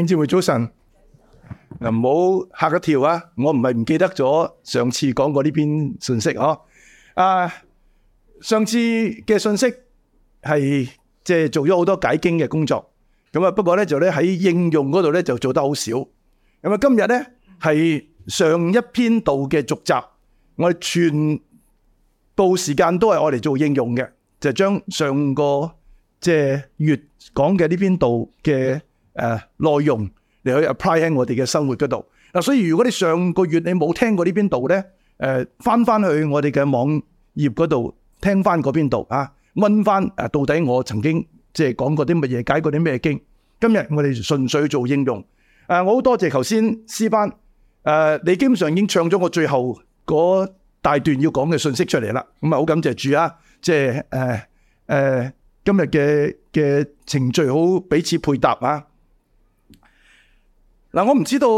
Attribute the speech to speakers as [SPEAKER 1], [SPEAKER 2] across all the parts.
[SPEAKER 1] 弟兄們早晨，嗱唔好吓一跳啊！我唔係唔記得咗上次講過呢篇信息嗬。啊，上次嘅信息係即係做咗好多解經嘅工作，咁啊不過咧就咧喺應用嗰度咧就做得好少。咁啊今日咧係上一篇道嘅續集，我哋全部時間都係我嚟做應用嘅，就將上個即係月講嘅呢篇道嘅。誒、啊，內容你可以 apply 喺我哋嘅生活嗰度。嗱、啊，所以如果你上個月你冇聽過呢邊度咧，誒、啊，翻翻去我哋嘅網頁嗰度聽翻嗰邊度，啊，問翻到底我曾經即係講過啲乜嘢解過啲咩經。今日我哋純粹做應用。誒、啊，我好多謝頭先詩班誒，你基本上已經唱咗我最後嗰大段要講嘅信息出嚟啦。咁啊，好感謝主啊！即係誒誒，今日嘅嘅程序好彼此配搭啊！嗱，我唔知道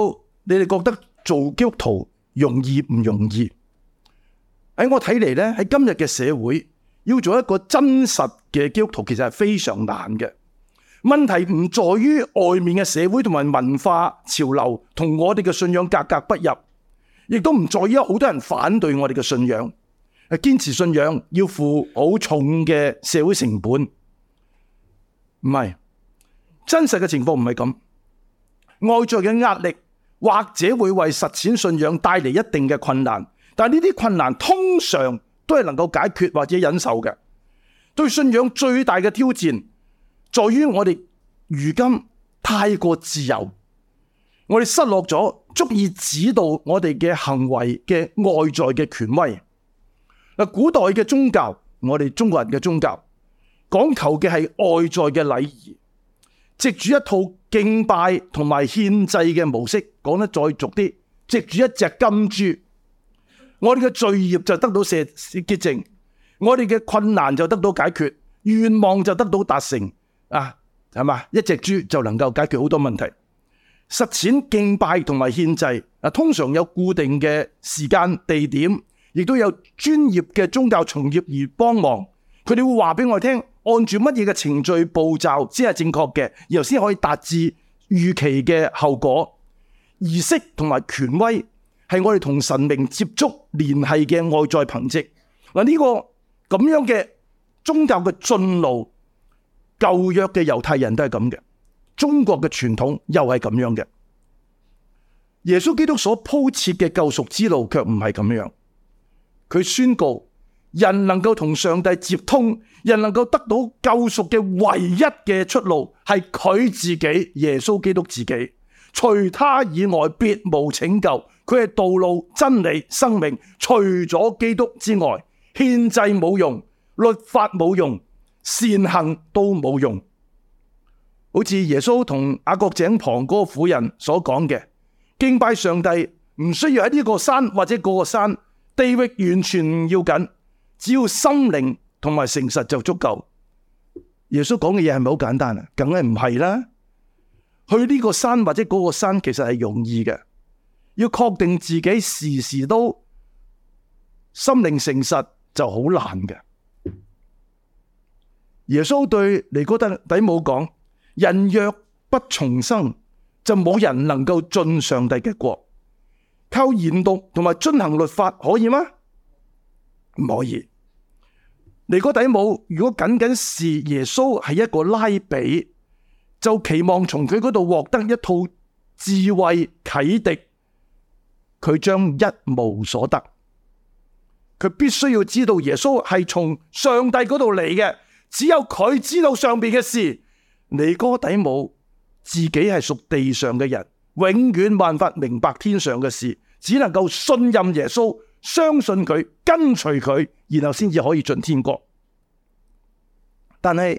[SPEAKER 1] 你哋覺得做基督徒容易唔容易？喺我睇嚟咧，喺今日嘅社會，要做一個真實嘅基督徒，其實係非常難嘅。問題唔在於外面嘅社會同埋文化潮流同我哋嘅信仰格格不入，亦都唔在於好多人反對我哋嘅信仰，堅持信仰要付好重嘅社會成本。唔係，真實嘅情況唔係咁。外在嘅壓力或者會為實踐信仰帶嚟一定嘅困難，但係呢啲困難通常都係能夠解決或者忍受嘅。對信仰最大嘅挑戰，在於我哋如今太過自由，我哋失落咗足以指導我哋嘅行為嘅外在嘅權威。嗱，古代嘅宗教，我哋中國人嘅宗教，講求嘅係外在嘅禮儀。藉住一套敬拜同埋獻祭嘅模式，講得再俗啲，藉住一隻金豬，我哋嘅罪孽就得到赦潔淨，我哋嘅困難就得到解決，願望就得到達成，啊，係嘛？一隻豬就能夠解決好多問題。實踐敬拜同埋獻祭啊，通常有固定嘅時間地點，亦都有專業嘅宗教從業員幫忙，佢哋會話俾我聽。按住乜嘢嘅程序步驟先係正確嘅，然後先可以達至預期嘅後果。儀式同埋權威係我哋同神明接觸聯繫嘅外在憑藉。嗱、這個，呢個咁樣嘅宗教嘅進路，舊約嘅猶太人都係咁嘅，中國嘅傳統又係咁樣嘅。耶穌基督所鋪設嘅救贖之路卻唔係咁樣，佢宣告。人能夠同上帝接通，人能夠得到救贖嘅唯一嘅出路係佢自己，耶穌基督自己，除他以外別無拯救。佢係道路、真理、生命，除咗基督之外，獻祭冇用，律法冇用，善行都冇用。好似耶穌同雅各井旁嗰個婦人所講嘅，敬拜上帝唔需要喺呢個山或者嗰個山，地域完全唔要緊。只要心靈同埋誠實就足夠。耶穌講嘅嘢係咪好簡單啊？梗係唔係啦。去呢個山或者嗰個山其實係容易嘅，要確定自己時時都心靈誠實就好難嘅。耶穌對尼哥底母講：人若不重生，就冇人能夠進上帝嘅國。靠研讀同埋遵行律法可以嗎？唔可以。尼哥底母，如果僅僅視耶穌係一個拉比，就期望從佢嗰度獲得一套智慧啟迪，佢將一無所得。佢必須要知道耶穌係從上帝嗰度嚟嘅，只有佢知道上面嘅事。尼哥底母自己係屬地上嘅人，永遠辦法明白天上嘅事，只能夠信任耶穌。相信佢，跟隨佢，然後先至可以進天國。但係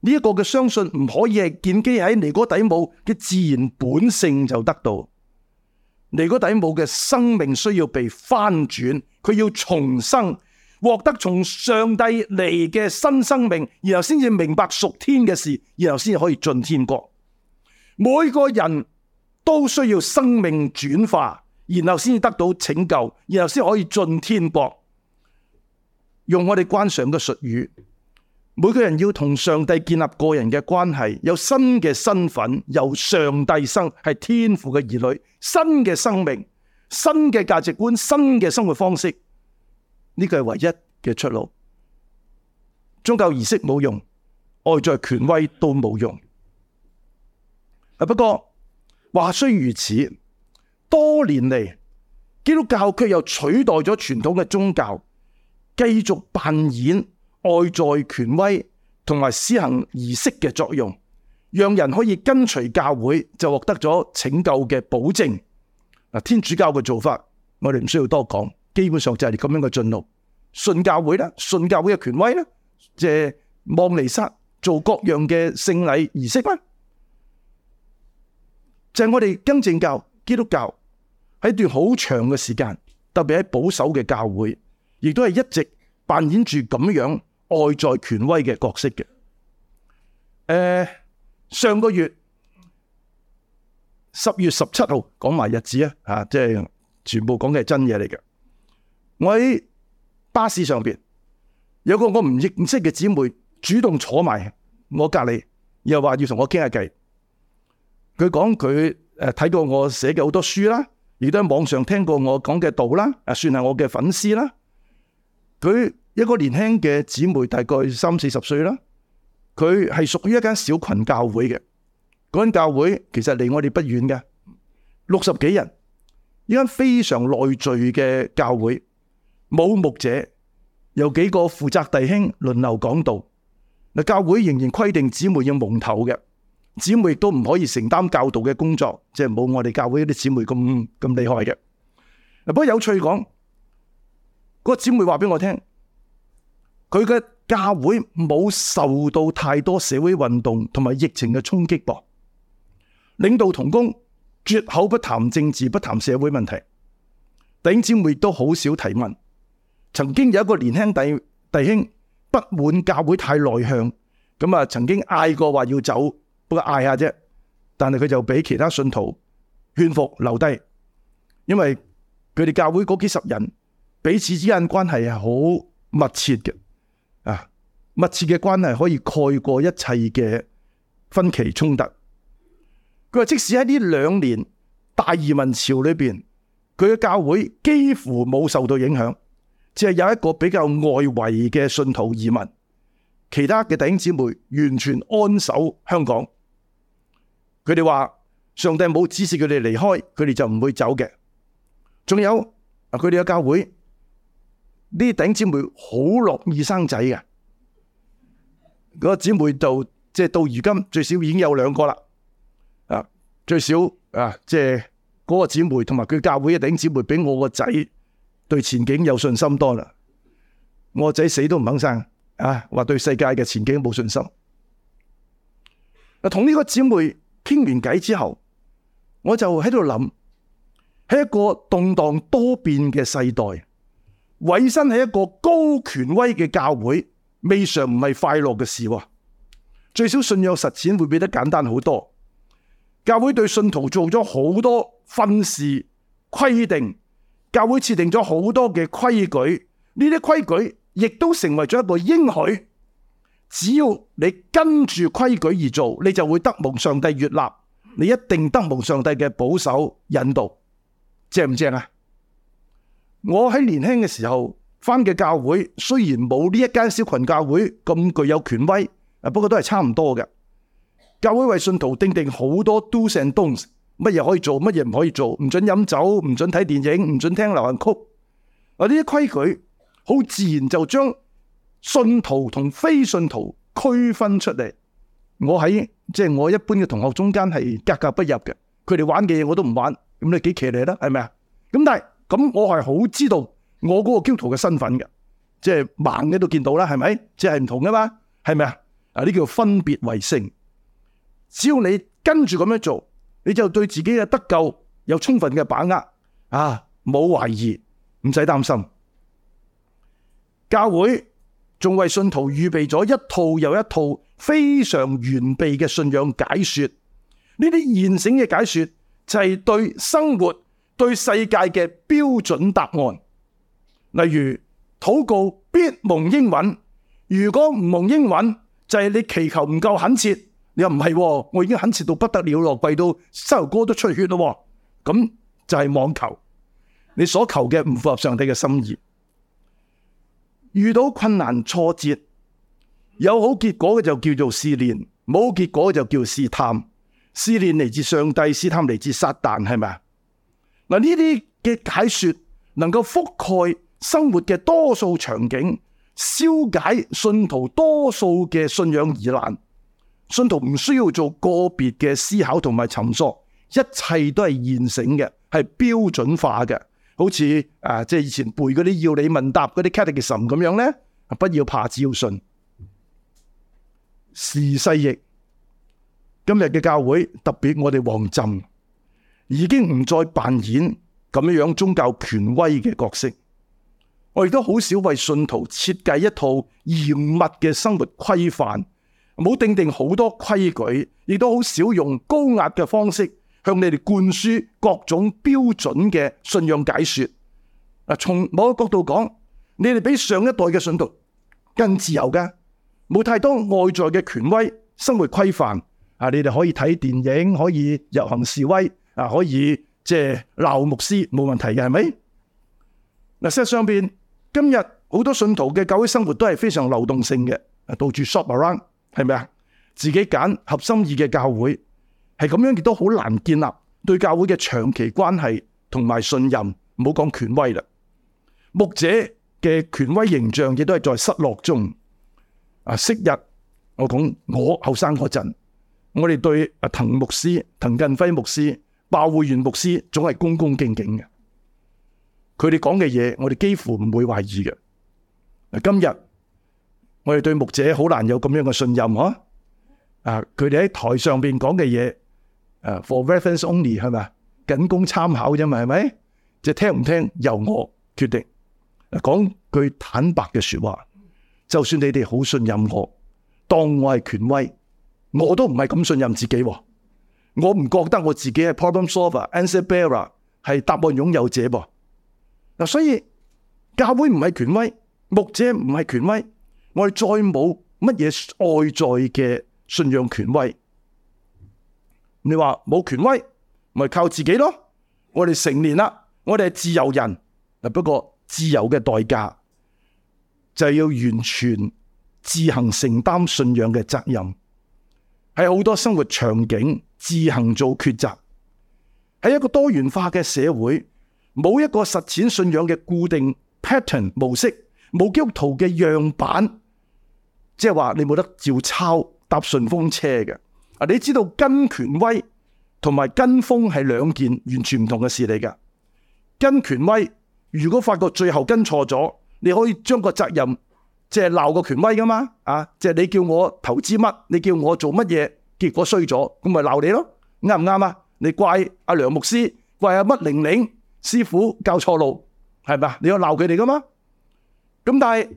[SPEAKER 1] 呢一個嘅相信唔可以係建基喺尼哥底母嘅自然本性就得到。尼哥底母嘅生命需要被翻轉，佢要重生，獲得從上帝嚟嘅新生命，然後先至明白屬天嘅事，然後先可以進天國。每個人都需要生命轉化。然後先得到拯救，然後先可以進天國。用我哋慣常嘅術語，每個人要同上帝建立個人嘅關係，有新嘅身份，由上帝生，係天父嘅兒女，新嘅生命，新嘅價值觀，新嘅生活方式，呢個係唯一嘅出路。宗教儀式冇用，外在權威都冇用。不過話雖如此。多年嚟，基督教卻又取代咗傳統嘅宗教，繼續扮演外在權威同埋施行儀式嘅作用，讓人可以跟隨教會就獲得咗拯救嘅保證。嗱，天主教嘅做法，我哋唔需要多講，基本上就係咁樣嘅進路。信教會啦，信教會嘅權威啦，即係望彌撒，做各樣嘅聖禮儀式啦，就係我哋更正教、基督教，喺段好長嘅時間，特別喺保守嘅教會，亦都係一直扮演住咁樣外在權威嘅角色嘅。誒、呃，上個月十月十七號，講埋日子啊，吓，即係全部講嘅係真嘢嚟嘅。我喺巴士上邊，有個我唔認識嘅姊妹主動坐埋我隔籬，又話要同我傾下偈。佢講佢誒睇過我寫嘅好多書啦。亦都喺網上聽過我講嘅道啦，啊，算係我嘅粉絲啦。佢一個年輕嘅姊妹，大概三四十歲啦。佢係屬於一間小群教會嘅，嗰間教會其實離我哋不遠嘅，六十幾人，一間非常內聚嘅教會，冇牧者，有幾個負責弟兄輪流講道。嗱，教會仍然規定姊妹要蒙頭嘅。姊妹亦都唔可以承擔教導嘅工作，即係冇我哋教會啲姊妹咁咁厲害嘅。不過有趣講，嗰個姊妹話俾我聽，佢嘅教會冇受到太多社會運動同埋疫情嘅衝擊噃。領導同工絕口不談政治，不談社會問題。弟兄姊妹都好少提問。曾經有一個年輕弟弟兄不滿教會太內向，咁啊曾經嗌過話要走。不過嗌下啫，但係佢就俾其他信徒勸服留低，因為佢哋教會嗰幾十人彼此之間關係係好密切嘅，啊，密切嘅關係可以蓋過一切嘅分歧衝突。佢話即使喺呢兩年大移民潮裏邊，佢嘅教會幾乎冇受到影響，只係有一個比較外圍嘅信徒移民，其他嘅弟兄姊妹完全安守香港。佢哋話上帝冇指示佢哋離開，佢哋就唔會走嘅。仲有啊，佢哋嘅教會呢？頂姊妹好樂意生仔嘅，個姊妹到即係到如今最少已經有兩個啦。啊，最少啊，即係嗰個姊妹同埋佢教會嘅頂姊妹，比我個仔對前景有信心多啦。我個仔死都唔肯生啊，話對世界嘅前景冇信心。啊，同呢個姊妹。傾完偈之後，我就喺度諗，喺一個動盪多變嘅世代，委身喺一個高權威嘅教會，未嘗唔係快樂嘅事。最少信仰實踐會變得簡單好多。教會對信徒做咗好多訓示規定，教會設定咗好多嘅規矩，呢啲規矩亦都成為咗一個應許。只要你跟住規矩而做，你就會得蒙上帝悅納。你一定得蒙上帝嘅保守引導，正唔正啊？我喺年輕嘅時候返嘅教會，雖然冇呢一間小群教會咁具有權威，啊，不過都係差唔多嘅。教會為信徒訂定好多 do’s and don’ts，乜嘢可以做，乜嘢唔可以做，唔准飲酒，唔准睇電影，唔准聽流行曲。啊，呢啲規矩好自然就將信徒同非信徒區分出嚟，我喺即係我一般嘅同學中間係格格不入嘅，佢哋玩嘅嘢我都唔玩，咁你幾騎呢啦，係咪啊？咁但係咁我係好知道我嗰個基督徒嘅身份嘅，即係盲嘅都見到啦，係咪？即係唔同噶嘛，係咪啊？啊，呢叫分別為聖，只要你跟住咁樣做，你就對自己嘅得救有充分嘅把握，啊，冇懷疑，唔使擔心，教會仲為信徒預備咗一套又一套非常完備嘅信仰解說，呢啲現成嘅解說就係對生活、對世界嘅標準答案。例如禱告必蒙應允，如果唔蒙應允，就係、是、你祈求唔夠懇切。你又唔係，我已經懇切到不得了咯，跪到膝頭哥都出血咯。咁就係妄求，你所求嘅唔符合上帝嘅心意。遇到困難挫折，有好結果嘅就叫做試煉，冇結果就叫試探。試煉嚟自上帝，試探嚟自撒旦，係咪啊？嗱，呢啲嘅解說能夠覆蓋生活嘅多數場景，消解信徒多數嘅信仰疑難。信徒唔需要做個別嘅思考同埋尋索，一切都係現成嘅，係標準化嘅。好似啊，即係以前背嗰啲要理問答嗰啲 catechism 咁樣咧，不要怕，只要信。時世易，今日嘅教會，特別我哋旺浸，已經唔再扮演咁樣的宗教權威嘅角色。我亦都好少為信徒設計一套嚴密嘅生活規範，冇定定好多規矩，亦都好少用高壓嘅方式向你哋灌輸各種標準嘅信仰解說。嗱，從某個角度講，你哋比上一代嘅信徒更自由嘅，冇太多外在嘅權威、生活規範。啊，你哋可以睇電影，可以遊行示威，啊，可以即係鬧牧師，冇問題嘅，係咪？嗱，事實上邊今日好多信徒嘅教會生活都係非常流動性嘅，到處 shop around，係咪啊？自己揀合心意嘅教會。係咁樣亦都好難建立對教會嘅長期關係同埋信任，唔好講權威啦。牧者嘅權威形象亦都係在失落中。啊，昔日我講我後生嗰陣，我哋對阿滕牧師、滕近輝牧師、鮑會園牧師總係恭恭敬敬嘅，佢哋講嘅嘢，我哋幾乎唔會懷疑嘅。今日我哋對牧者好難有咁樣嘅信任，嗬？啊，佢哋喺台上邊講嘅嘢。誒，for reference only 係咪？僅供參考啫嘛，係咪？就聽唔聽由我決定。講句坦白嘅說話，就算你哋好信任我，當我係權威，我都唔係咁信任自己。我唔覺得我自己係 problem solver，answer bearer，係答案擁有者噃。嗱，所以教會唔係權威，牧者唔係權威，我哋再冇乜嘢外在嘅信仰權威。你話冇權威，咪靠自己咯！我哋成年啦，我哋係自由人，不過自由嘅代價就係要完全自行承擔信仰嘅責任，喺好多生活場景自行做抉擇。喺一個多元化嘅社會，冇一個實踐信仰嘅固定 pattern 模式，冇基督徒嘅樣板，即係話你冇得照抄搭順風車嘅。嗱，你知道跟權威同埋跟風係兩件完全唔同嘅事嚟噶。跟權威，如果發覺最後跟錯咗，你可以將個責任即係鬧個權威噶嘛？啊，即係你叫我投資乜，你叫我做乜嘢，結果衰咗，咁咪鬧你咯？啱唔啱啊？你怪阿梁牧師，怪阿乜玲玲師傅教錯路，係咪？你有鬧佢哋噶嘛？咁但係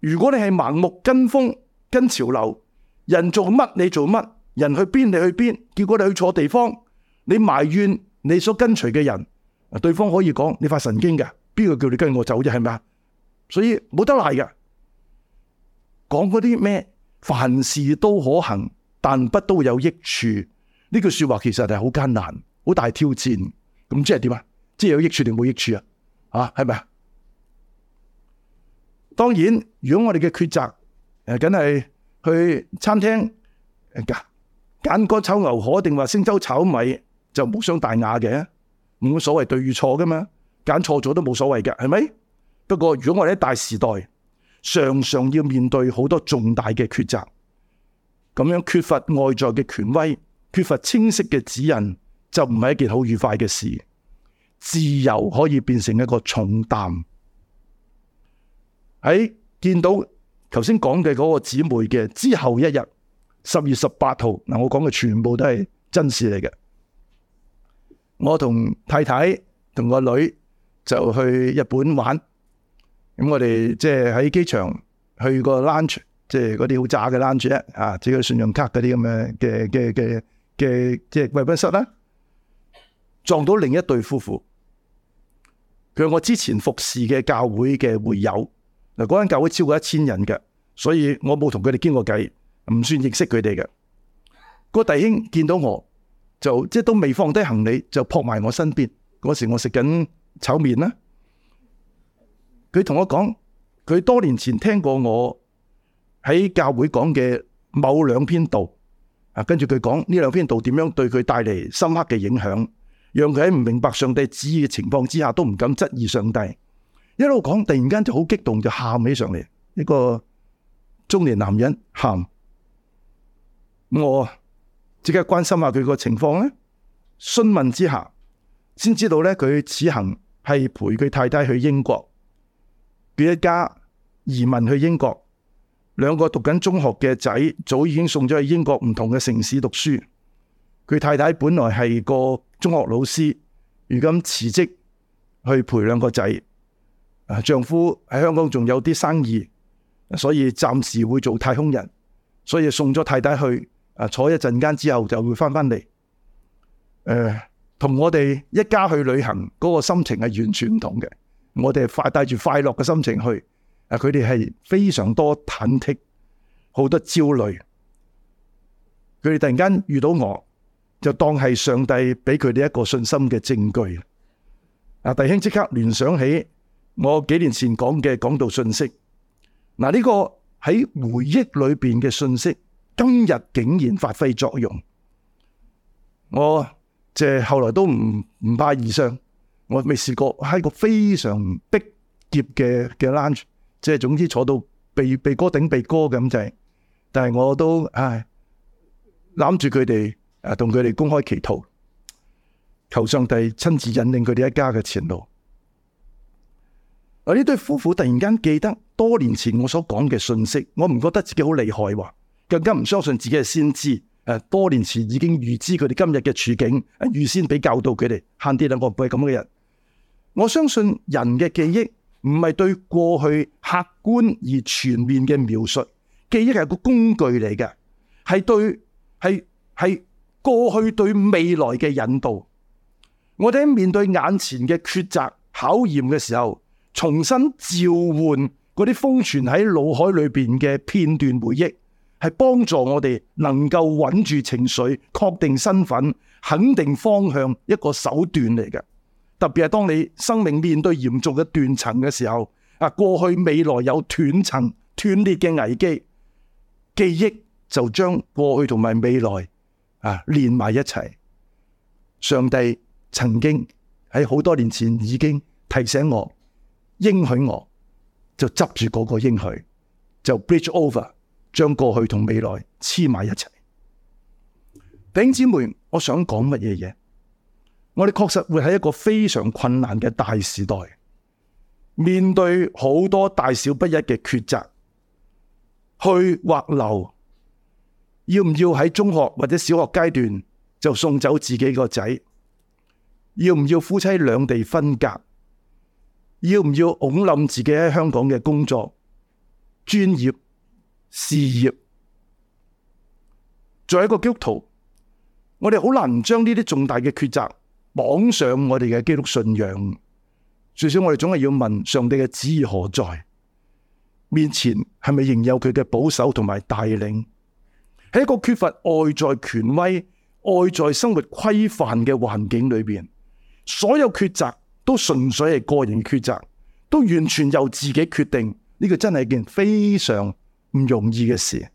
[SPEAKER 1] 如果你係盲目跟風、跟潮流，人做乜你做乜。人去邊你去邊，結果你去錯地方，你埋怨你所跟隨嘅人，對方可以講你發神經嘅，邊個叫你跟我走啫，係咪啊？所以冇得賴嘅。講嗰啲咩凡事都可行，但不都有益處呢句，這個，說話，其實係好艱難，好大挑戰。咁即係點啊？即係有益處定冇益處啊？啊，係咪啊？當然，如果我哋嘅抉擇誒，梗係去餐廳揀乾炒牛河定話星洲炒米就無傷大雅嘅，冇所謂對與錯噶嘛，揀錯咗都冇所謂嘅，係咪？不過如果我哋喺大時代，常常要面對好多重大嘅抉擇，咁樣缺乏外在嘅權威，缺乏清晰嘅指引，就唔係一件好愉快嘅事。自由可以變成一個重擔。喺、哎、見到頭先講嘅嗰個姊妹嘅之後一日。十月十八號嗱，我講嘅全部都係真事嚟嘅。我同太太同個女就去日本玩，咁我哋即係喺機場去個 lounge，即係嗰啲好渣嘅 lounge 啊，啊，借信用卡嗰啲咁嘅嘅嘅嘅嘅即係貴賓室啦，啊，撞到另一對夫婦，佢係我之前服侍嘅教會嘅會友嗱，嗰間教會超過一千人嘅，所以我冇同佢哋傾過偈。唔算認識佢哋嘅，那個弟兄見到我就即係都未放低行李就撲埋我身邊。嗰時我食緊炒麵啦，佢同我講佢多年前聽過我喺教會講嘅某兩篇道啊，跟住佢講呢兩篇道點樣對佢帶嚟深刻嘅影響，讓佢喺唔明白上帝旨意嘅情況之下都唔敢質疑上帝。一路講，突然間就好激動就喊起上嚟，一個中年男人喊。我即刻關心下佢個情況咧，詢問之下，先知道咧佢此行係陪佢太太去英國，佢一家移民去英國，兩個讀緊中學嘅仔早已經送咗去英國唔同嘅城市讀書。佢太太本來係個中學老師，如今辭職去陪兩個仔。啊，丈夫喺香港仲有啲生意，所以暫時會做太空人，所以送咗太太去。啊！坐一陣間之後就會翻返嚟。誒、呃，同我哋一家去旅行嗰、那個心情係完全唔同嘅。我哋係快帶住快樂嘅心情去。啊，佢哋係非常多忐忑，好多焦慮。佢哋突然間遇到我，就當係上帝俾佢哋一個信心嘅證據。啊，弟兄即刻聯想起我幾年前講嘅講道信息。嗱、啊，呢、這個喺回憶裏邊嘅信息。今日竟然發揮作用，我即係後來都唔唔怕以上我未試過，喺個非常逼狹嘅嘅 lunch，即係總之坐到鼻鼻哥頂鼻哥咁就係，但係我都唉攬住佢哋，誒同佢哋公開祈禱，求上帝親自引領佢哋一家嘅前路。啊！呢對夫婦突然間記得多年前我所講嘅信息，我唔覺得自己好厲害喎。更加唔相信自己係先知，誒，多年前已經預知佢哋今日嘅處境，預先俾教導佢哋限啲啦。我唔係咁嘅人。我相信人嘅記憶唔係對過去客觀而全面嘅描述，記憶係個工具嚟嘅，係對係係過去對未來嘅引導。我哋喺面對眼前嘅抉擇考驗嘅時候，重新召喚嗰啲封存喺腦海裏邊嘅片段回憶，係幫助我哋能夠穩住情緒、確定身份、肯定方向一個手段嚟嘅。特別係當你生命面對嚴重嘅斷層嘅時候，啊過去未來有斷層、斷裂嘅危機，記憶就將過去同埋未來啊連埋一齊。上帝曾經喺好多年前已經提醒我，應許我，就執住嗰個應許，就 bridge over。將過去同未來黐埋一齊，弟兄姊妹，我想講乜嘢嘢？我哋確實會喺一個非常困難嘅大時代，面對好多大小不一嘅抉擇，去或留，要唔要喺中學或者小學階段就送走自己個仔？要唔要夫妻兩地分隔？要唔要拱冧自己喺香港嘅工作專業？事業，作為一個基督徒，我哋好難將呢啲重大嘅抉擇綁上我哋嘅基督信仰。至少我哋總係要問上帝嘅旨意何在，面前係咪仍有佢嘅保守同埋帶領？喺一個缺乏外在權威、外在生活規範嘅環境裏邊，所有抉擇都純粹係個人抉擇，都完全由自己決定。呢、這個真係一件非常……唔容易嘅事，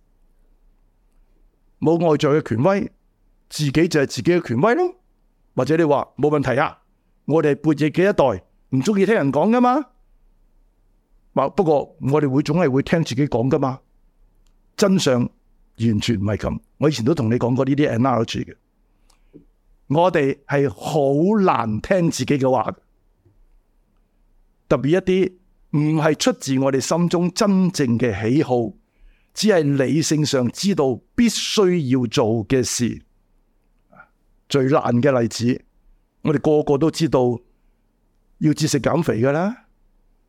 [SPEAKER 1] 冇外在嘅權威，自己就係自己嘅權威咯。或者你話冇問題啊？我哋係叛逆嘅一代，唔中意聽人講噶嘛。不過我哋會總係會聽自己講噶嘛。真相完全唔係咁。我以前都同你講過呢啲 analogy 嘅，我哋係好難聽自己嘅話的，特別一啲唔係出自我哋心中真正嘅喜好。只係理性上知道必須要做嘅事。最難嘅例子，我哋個個都知道要節食減肥噶啦，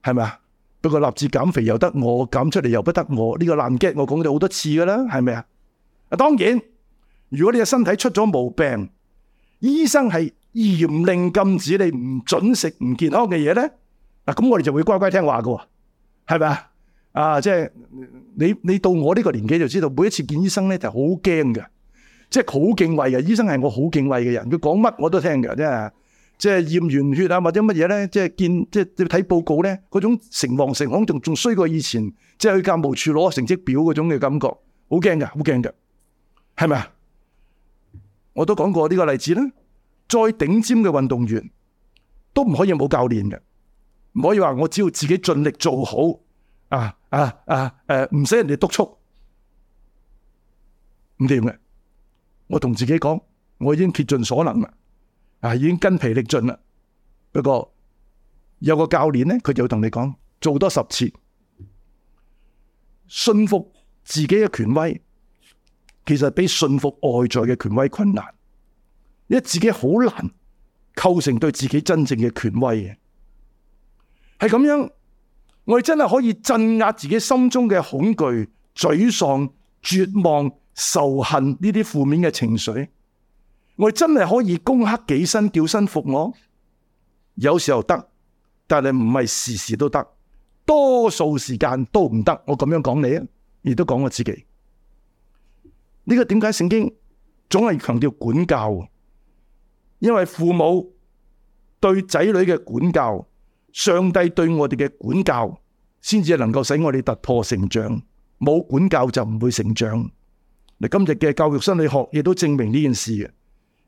[SPEAKER 1] 係咪啊？不過立志減肥又得我，減出嚟，又不得我。呢個爛 get 我講咗好多次噶啦，係咪啊？啊，當然，如果你嘅身體出咗毛病，醫生係嚴令禁止你唔准食唔健康嘅嘢咧，嗱，咁我哋就會乖乖聽話噶，係咪啊？啊！即係你你到我呢個年紀就知道，每一次見醫生咧就好驚嘅，即係好敬畏嘅。醫生係我好敬畏嘅人，佢講乜我都聽嘅，真係。即係驗完血啊，或者乜嘢咧，即係見即係睇報告咧，嗰種誠惶誠恐，仲仲衰過以前，即係去教務處攞成績表嗰種嘅感覺，好驚嘅，好驚嘅，係咪啊？我都講過呢個例子啦。再頂尖嘅運動員都唔可以冇教練嘅，唔可以話我只要自己盡力做好。啊啊啊！誒、啊，唔、啊、使人哋督促，唔掂嘅。我同自己講，我已經竭盡所能啦，啊，已經筋疲力盡啦。不過有個教練呢，佢就同你講，做多十次，信服自己嘅權威，其實比信服外在嘅權威困難，因為自己好難構成對自己真正嘅權威嘅，係咁樣。我哋真係可以鎮壓自己心中嘅恐懼、沮喪、絕望、仇恨呢啲負面嘅情緒。我哋真係可以攻克己身、叫身服我。有時候得，但係唔係時時都得，多數時間都唔得。我咁樣講你啊，亦都講我自己。呢個點解聖經總係強調管教？因為父母對仔女嘅管教。上帝對我哋嘅管教，先至能夠使我哋突破成長。冇管教就唔會成長。今日嘅教育心理學亦都證明呢件事嘅。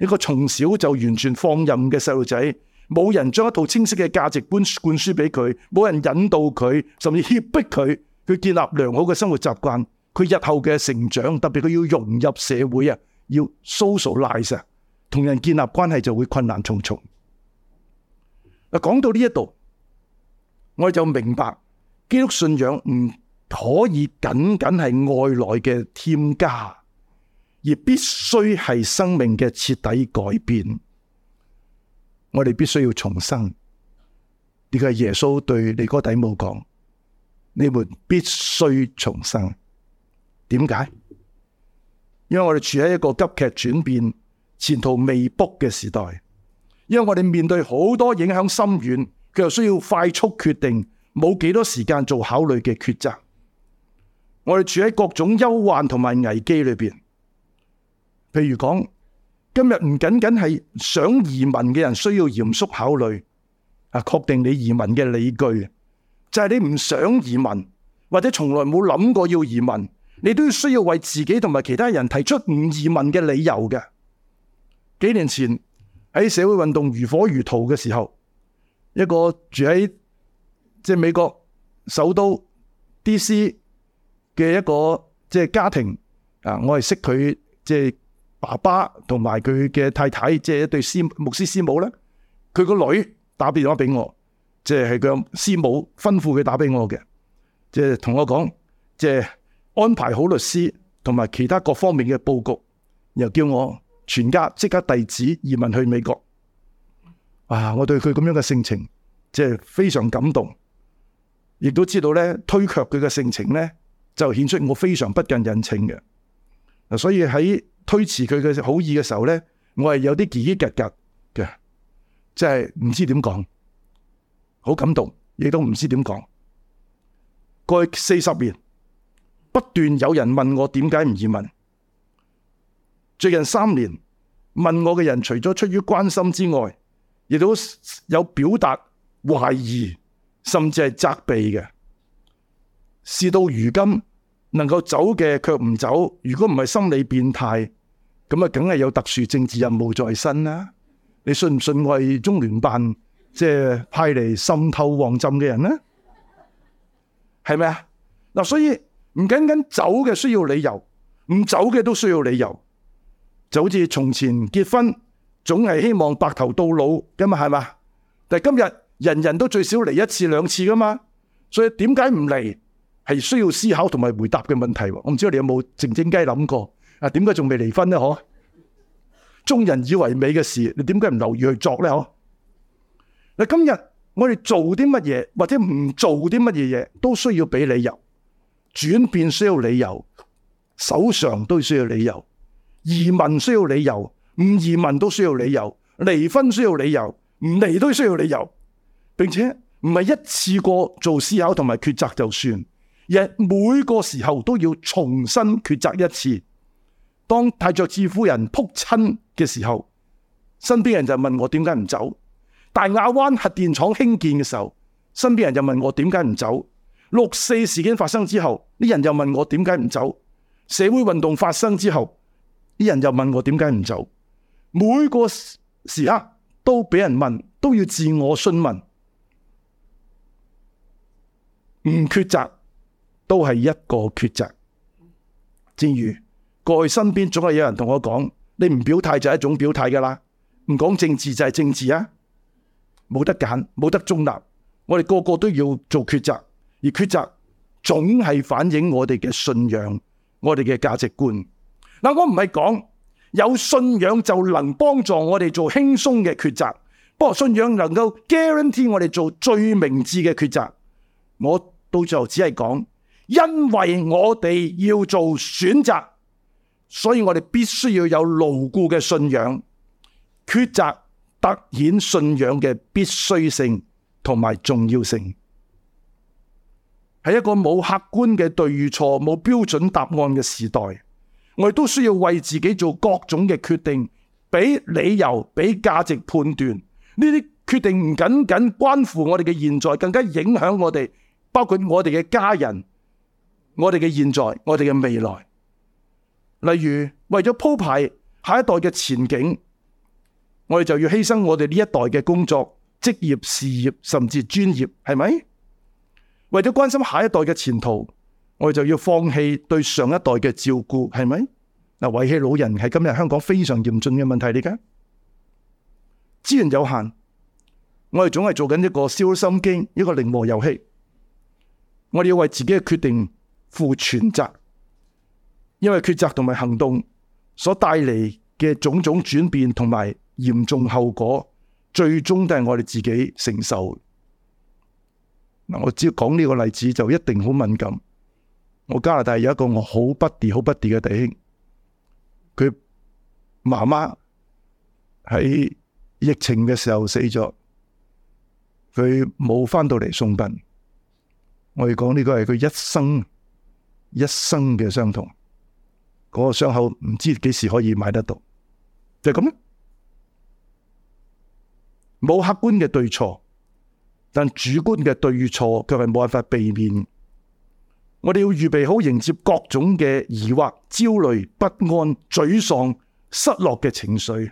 [SPEAKER 1] 一個從小就完全放任嘅細路仔，冇人將一套清晰嘅價值觀灌輸俾佢，冇人引導佢，甚至脅迫佢去建立良好嘅生活習慣，佢日後嘅成長，特別佢要融入社會啊，要 socialize，同人建立關係就會困難重重。嗱，講到呢一度。我就明白基督信仰唔可以僅僅係外來嘅添加，而必須係生命嘅徹底改變。我哋必須要重生。呢個係耶穌對尼哥底母講：你們必須重生。點解？因為我哋處喺一個急劇轉變、前途未卜嘅時代，因為我哋面對好多影響深遠又需要快速決定，冇幾多時間做考慮嘅抉擇。我哋處喺各種憂患同埋危機裏邊，譬如講，今日唔僅僅係想移民嘅人需要嚴肅考慮，啊，確定你移民嘅理據。就係你唔想移民，或者從來冇諗過要移民，你都需要為自己同埋其他人提出唔移民嘅理由嘅。幾年前喺社會運動如火如荼嘅時候，一個住喺即係美國首都 D.C. 嘅一個即係家庭啊，我係識佢即係爸爸同埋佢嘅太太，即係一對師牧師師母咧。佢個女打電話俾我，即係係佢師母吩咐佢打俾我嘅，即係同我講，即係安排好律師同埋其他各方面嘅布局，又叫我全家即刻遞紙移民去美國。哇！我對佢咁樣嘅性情，即係非常感動，亦都知道咧推卻佢嘅性情咧，就顯出我非常不近人情嘅。所以喺推遲佢嘅好意嘅時候咧，我係有啲嘰嘰格格嘅，即係唔知點講，好感動，亦都唔知點講。過去四十年不斷有人問我點解唔移民，最近三年問我嘅人，除咗出於關心之外，亦都有表達懷疑，甚至係責備嘅。事到如今，能夠走嘅卻唔走，如果唔係心理變態，咁啊，梗係有特殊政治任務在身啦。你信唔信我係中聯辦即係派嚟滲透旺浸嘅人呢？係咪啊？嗱，所以唔僅僅走嘅需要理由，唔走嘅都需要理由。就好似從前結婚。總係希望白頭到老嘅嘛，係嘛？但係今日人人都最少嚟一次兩次噶嘛，所以點解唔嚟係需要思考同埋回答嘅問題。我唔知道你有冇靜靜雞諗過啊？點解仲未離婚呢？嗬？眾人以為美嘅事，你點解唔留意去作呢？嗬？嗱，今日我哋做啲乜嘢或者唔做啲乜嘢嘢，都需要俾理由。轉變需要理由，手上都需要理由，移民需要理由。唔移民都需要理由，離婚需要理由，唔離都需要理由，並且唔係一次過做思考同埋抉擇就算，亦每個時候都要重新抉擇一次。當戴卓爾夫人撲親嘅時候，身邊人就問我點解唔走；大亞灣核電廠興建嘅時候，身邊人就問我點解唔走；六四事件發生之後，啲人又問我點解唔走；社會運動發生之後，啲人又問我點解唔走。每個時刻都俾人問，都要自我詢問。唔抉擇都係一個抉擇。正如過去身邊總係有人同我講，你唔表態就係一種表態噶啦，唔講政治就係政治啊，冇得揀，冇得中立。我哋個個都要做抉擇，而抉擇總係反映我哋嘅信仰，我哋嘅價值觀。嗱，我唔係講。有信仰就能幫助我哋做輕鬆嘅抉擇，不過信仰能夠 guarantee 我哋做最明智嘅抉擇。我到最後只係講，因為我哋要做選擇，所以我哋必須要有牢固嘅信仰。抉擇凸顯信仰嘅必須性同埋重要性，係一個冇客觀嘅對與錯、冇標準答案嘅時代。我哋都需要為自己做各種嘅決定，俾理由、俾價值判斷。呢啲決定唔僅僅關乎我哋嘅現在，更加影響我哋，包括我哋嘅家人、我哋嘅現在、我哋嘅未來。例如，為咗鋪排下一代嘅前景，我哋就要犧牲我哋呢一代嘅工作、職業、事業，甚至專業，係咪？為咗關心下一代嘅前途。我哋就要放棄對上一代嘅照顧，係咪？嗱，遺棄老人係今日香港非常嚴峻嘅問題嚟噶。資源有限，我哋總係做緊一個燒心經、一個零和遊戲。我哋要為自己嘅決定負全責，因為抉擇同埋行動所帶嚟嘅種種轉變同埋嚴重後果，最終都係我哋自己承受。嗱，我只要講呢個例子就一定好敏感。我加拿大有一個我好不敵好不敵嘅弟兄，佢媽媽喺疫情嘅時候死咗，佢冇翻到嚟送殯。我哋講呢個係佢一生一生嘅傷痛，嗰個傷口唔知幾時可以買得到。就係咁，冇客觀嘅對錯，但主觀嘅對錯，卻係冇辦法避免。我哋要預備好迎接各種嘅疑惑、焦慮、不安、沮喪、失落嘅情緒，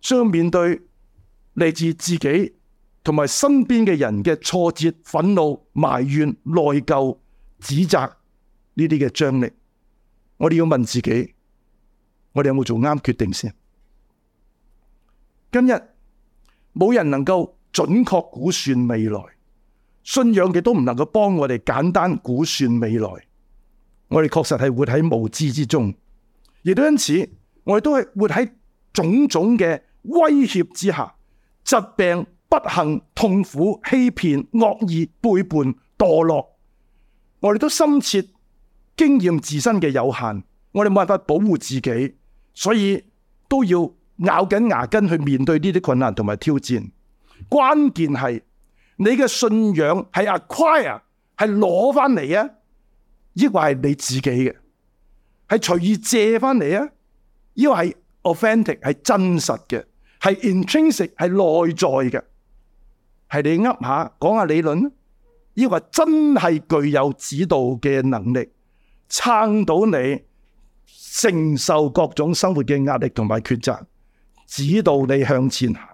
[SPEAKER 1] 將要面對嚟自自己同埋身邊嘅人嘅挫折、憤怒、埋怨、內疚、指責呢啲嘅張力。我哋要問自己：我哋有冇做啱決定先？今日冇人能夠準確估算未來。信仰嘅都唔能夠幫我哋簡單估算未來，我哋確實係活喺無知之中，亦都因此我哋都係活喺種種嘅威脅之下，疾病、不幸、痛苦、欺騙、惡意、背叛、墮落，我哋都深切經驗自身嘅有限，我哋冇辦法保護自己，所以都要咬緊牙根去面對呢啲困難同埋挑戰。關鍵係。你嘅信仰係 acquire，係攞翻嚟啊，抑或係你自己嘅？係隨意借翻嚟啊？抑或係 authentic，係真實嘅，係 intrinsic，係內在嘅，係你噏下講下理論，抑或真係具有指導嘅能力，撐到你承受各種生活嘅壓力同埋抉擇，指導你向前行。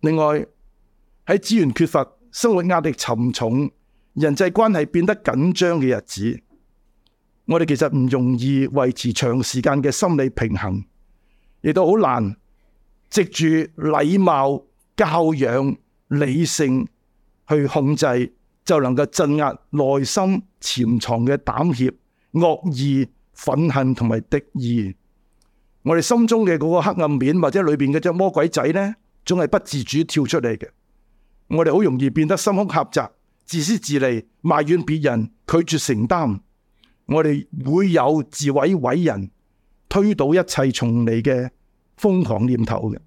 [SPEAKER 1] 另外，喺資源缺乏、生活壓力沉重、人際關係變得緊張嘅日子，我哋其實唔容易維持長時間嘅心理平衡，亦都好難藉住禮貌、教養、理性去控制，就能夠鎮壓內心潛藏嘅膽怯、惡意、憤恨同埋敵意。我哋心中嘅嗰個黑暗面，或者裏邊嗰隻魔鬼仔呢。總係不自主跳出嚟嘅，我哋好容易變得心胸狹窄、自私自利、埋怨別人、拒絕承擔。我哋會有自毀毀人、推倒一切重嚟嘅瘋狂念頭嘅。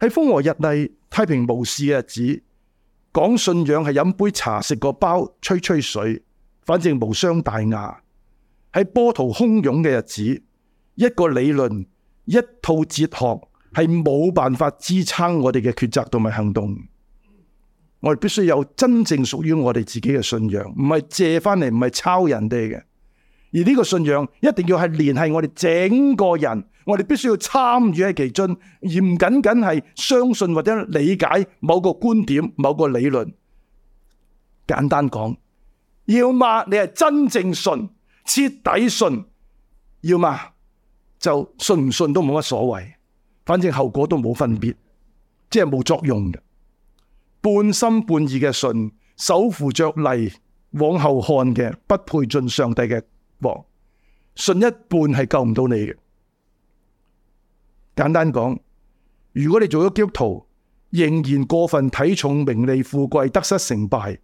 [SPEAKER 1] 喺風和日麗、太平無事嘅日子，講信仰係飲杯茶、食個包、吹吹水，反正無傷大雅。喺波濤洶湧嘅日子，一個理論、一套哲學。係冇辦法支撐我哋嘅抉擇同埋行動，我哋必須有真正屬於我哋自己嘅信仰,唔係借翻嚟，唔係抄人哋嘅。而呢個信仰一定要係聯繫我哋整個人，我哋必須要參與喺其中，而唔僅僅係相信或者理解某個觀點、某個理論。簡單講，要嘛你係真正信、徹底信，要嘛就信唔信都冇乜所謂。反正後果都冇分別，即係冇作用嘅。半心半意嘅信，手扶着犁，往後看嘅，不配進上帝嘅國。信一半係救唔到你嘅。簡單講，如果你做咗基督徒，仍然過分睇重名利富貴得失成敗，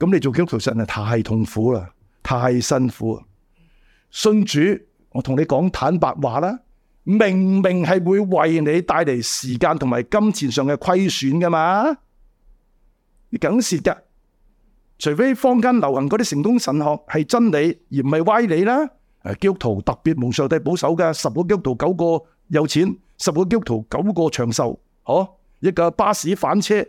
[SPEAKER 1] 咁你做基督徒實在太痛苦啦，太辛苦喇。信主，我同你講坦白話啦。明明係會為你帶嚟時間同埋金錢上嘅虧損噶嘛，你梗蝕噶，除非坊間流行嗰啲成功神學係真理而唔係歪理啦。誒，基督徒特別蒙上帝保守嘅，十個基督徒九個有錢，十個基督徒九個長壽。哦，一個巴士反車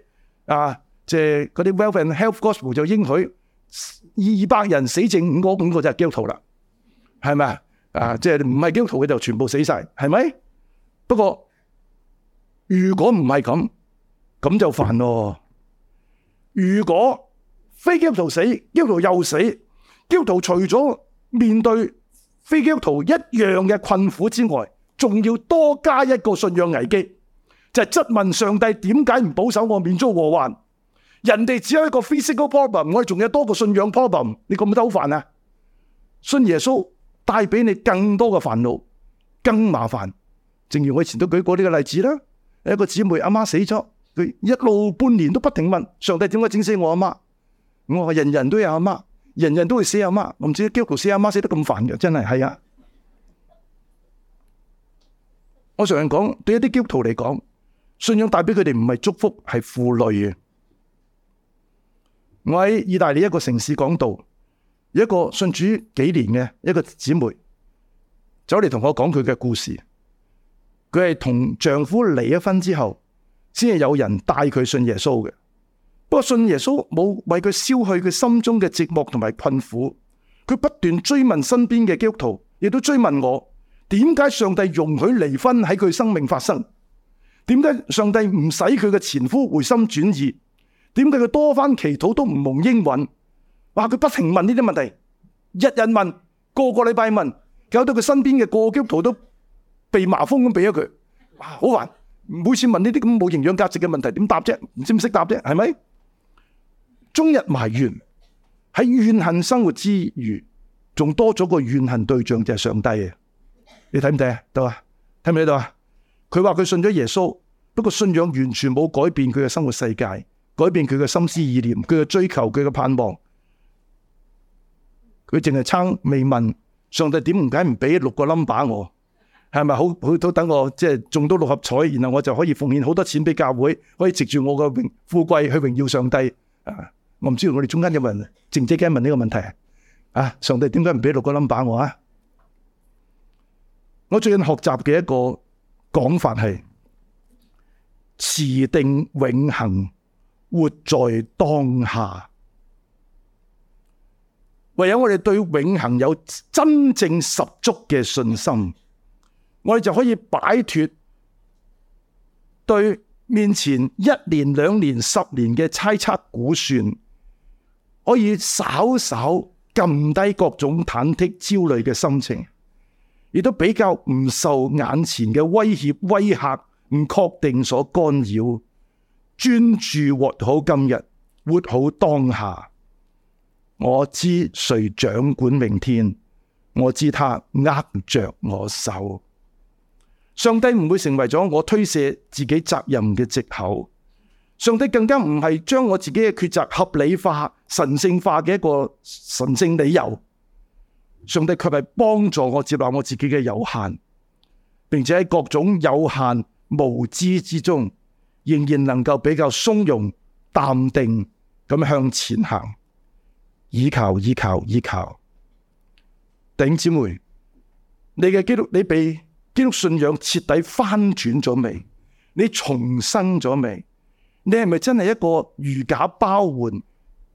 [SPEAKER 1] 啊，即係嗰啲 Wealth and Health Gospel 就應許二百人死剩五個，五個就係基督徒啦，係咪啊？啊！即係唔係基督徒佢哋就全部死晒，係咪？不過如果唔係咁，咁就煩咯。如果非基督徒死，基督徒又死，基督徒除咗面對非基督徒一樣嘅困苦之外，仲要多加一個信仰危機，就係質問上帝點解唔保守我免遭禍患？人哋只有一個 physical problem，我哋仲有多個信仰 problem，你覺唔覺得好煩啊？信耶穌。帶俾你更多嘅煩惱，更麻煩。正如我以前都舉過呢個例子啦，一個姊妹阿媽死咗，佢一路半年都不停問上帝點解整死我阿媽。我話人人都有阿媽，人人都會死阿媽，我唔知道基督徒死阿媽死得咁煩嘅，真係係啊！我常常講，對一啲基督徒嚟講，信仰帶俾佢哋唔係祝福，係負累嘅。我喺意大利一個城市講道。一個信主幾年嘅一個姊妹，走嚟同我講佢嘅故事。佢係同丈夫離咗婚之後，先係有人帶佢信耶穌嘅。不過信耶穌冇為佢消去佢心中嘅寂寞同埋困苦。佢不斷追問身邊嘅基督徒，亦都追問我：點解上帝容許離婚喺佢生命發生？點解上帝唔使佢嘅前夫回心轉意？點解佢多番祈禱都唔蒙應允？話佢不停問呢啲問題，日日問，個個禮拜問，搞到佢身邊嘅個基督徒都被麻風咁俾咗佢。好煩！每次問呢啲咁冇營養價值嘅問題，點答啫？唔知唔識答啫，係咪？終日埋怨，喺怨恨生活之餘，仲多咗個怨恨對象就係上帝啊！你睇唔睇啊？到啊？睇唔睇到啊？佢話佢信咗耶穌，不過信仰完全冇改變佢嘅生活世界，改變佢嘅心思意念，佢嘅追求，佢嘅盼望。佢淨係撐未問上帝點唔解唔俾六個 number 我，係咪好好都等我即係中到六合彩，然後我就可以奉獻好多錢俾教會，可以藉住我個榮富貴去榮耀上帝啊。我唔知道我哋中間有冇人靜雞雞問呢個問題啊，上帝點解唔俾六個 number 我啊？我最近學習嘅一個講法係持定永恆，活在當下。唯有我哋對永恒有真正十足嘅信心，我哋就可以擺脫對面前一年、兩年、十年嘅猜測估算，可以稍稍撳低各種忐忑焦慮嘅心情，亦都比較唔受眼前嘅威脅威嚇、唔確定所干擾，專注活好今日，活好當下。我知誰掌管明天，我知他握着我手。上帝唔會成為咗我推卸自己責任嘅借口，上帝更加唔係將我自己嘅抉擇合理化、神聖化嘅一個神聖理由。上帝卻係幫助我接納我自己嘅有限，並且喺各種有限、無知之中，仍然能夠比較鬆容、淡定咁向前行。倚靠，依靠，依靠！頂姊妹，你嘅基督，你被基督信仰徹底翻轉咗未？你重生咗未？你係咪真係一個如假包換、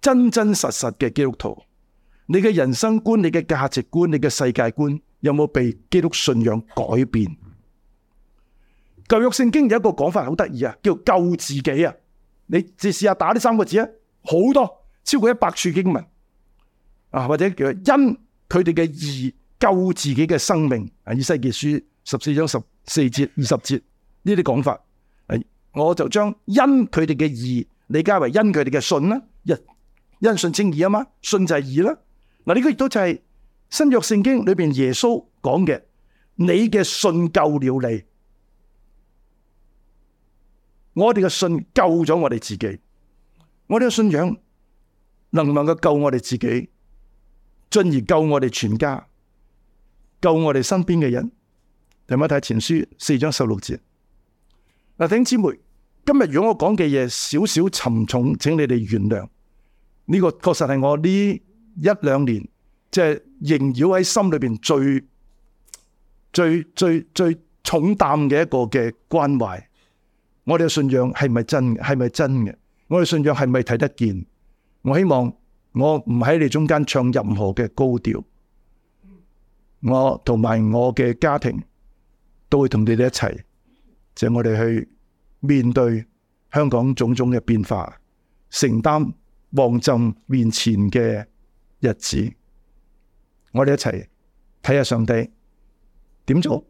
[SPEAKER 1] 真真實實嘅基督徒？你嘅人生觀、你嘅價值觀、你嘅世界觀有冇被基督信仰改變？舊約聖經有一個講法好得意啊，叫救自己啊！你試下打呢三個字啊，好多超過一百處經文。啊，或者叫因佢哋嘅義救自己嘅生命，以西結書十四章十四節二十節呢啲講法，係我就將因佢哋嘅義理解為因佢哋嘅信啦，因因信稱義啊嘛，信就係義啦。嗱，呢個亦都就係、是、新約聖經裏邊耶穌講嘅，你嘅信救了你，我哋嘅信救咗我哋自己，我哋嘅信仰能唔能夠救我哋自己？進而救我哋全家，救我哋身邊嘅人。嚟埋提前書四章十六節。嗱，弟兄姊妹，今日如果我講嘅嘢少少沉重，請你哋原諒。呢個確實係我呢一兩年即係縈繞喺心裏邊最最最最重擔嘅一個嘅關懷。我哋嘅信仰係咪真？係咪真嘅？我哋信仰係咪睇得見？我希望。我唔喺你中間唱任何嘅高調，我同埋我嘅家庭都會同你哋一齊，就我哋去面對香港種種嘅變化，承擔旺浸面前嘅日子，我哋一齊睇下上帝點做。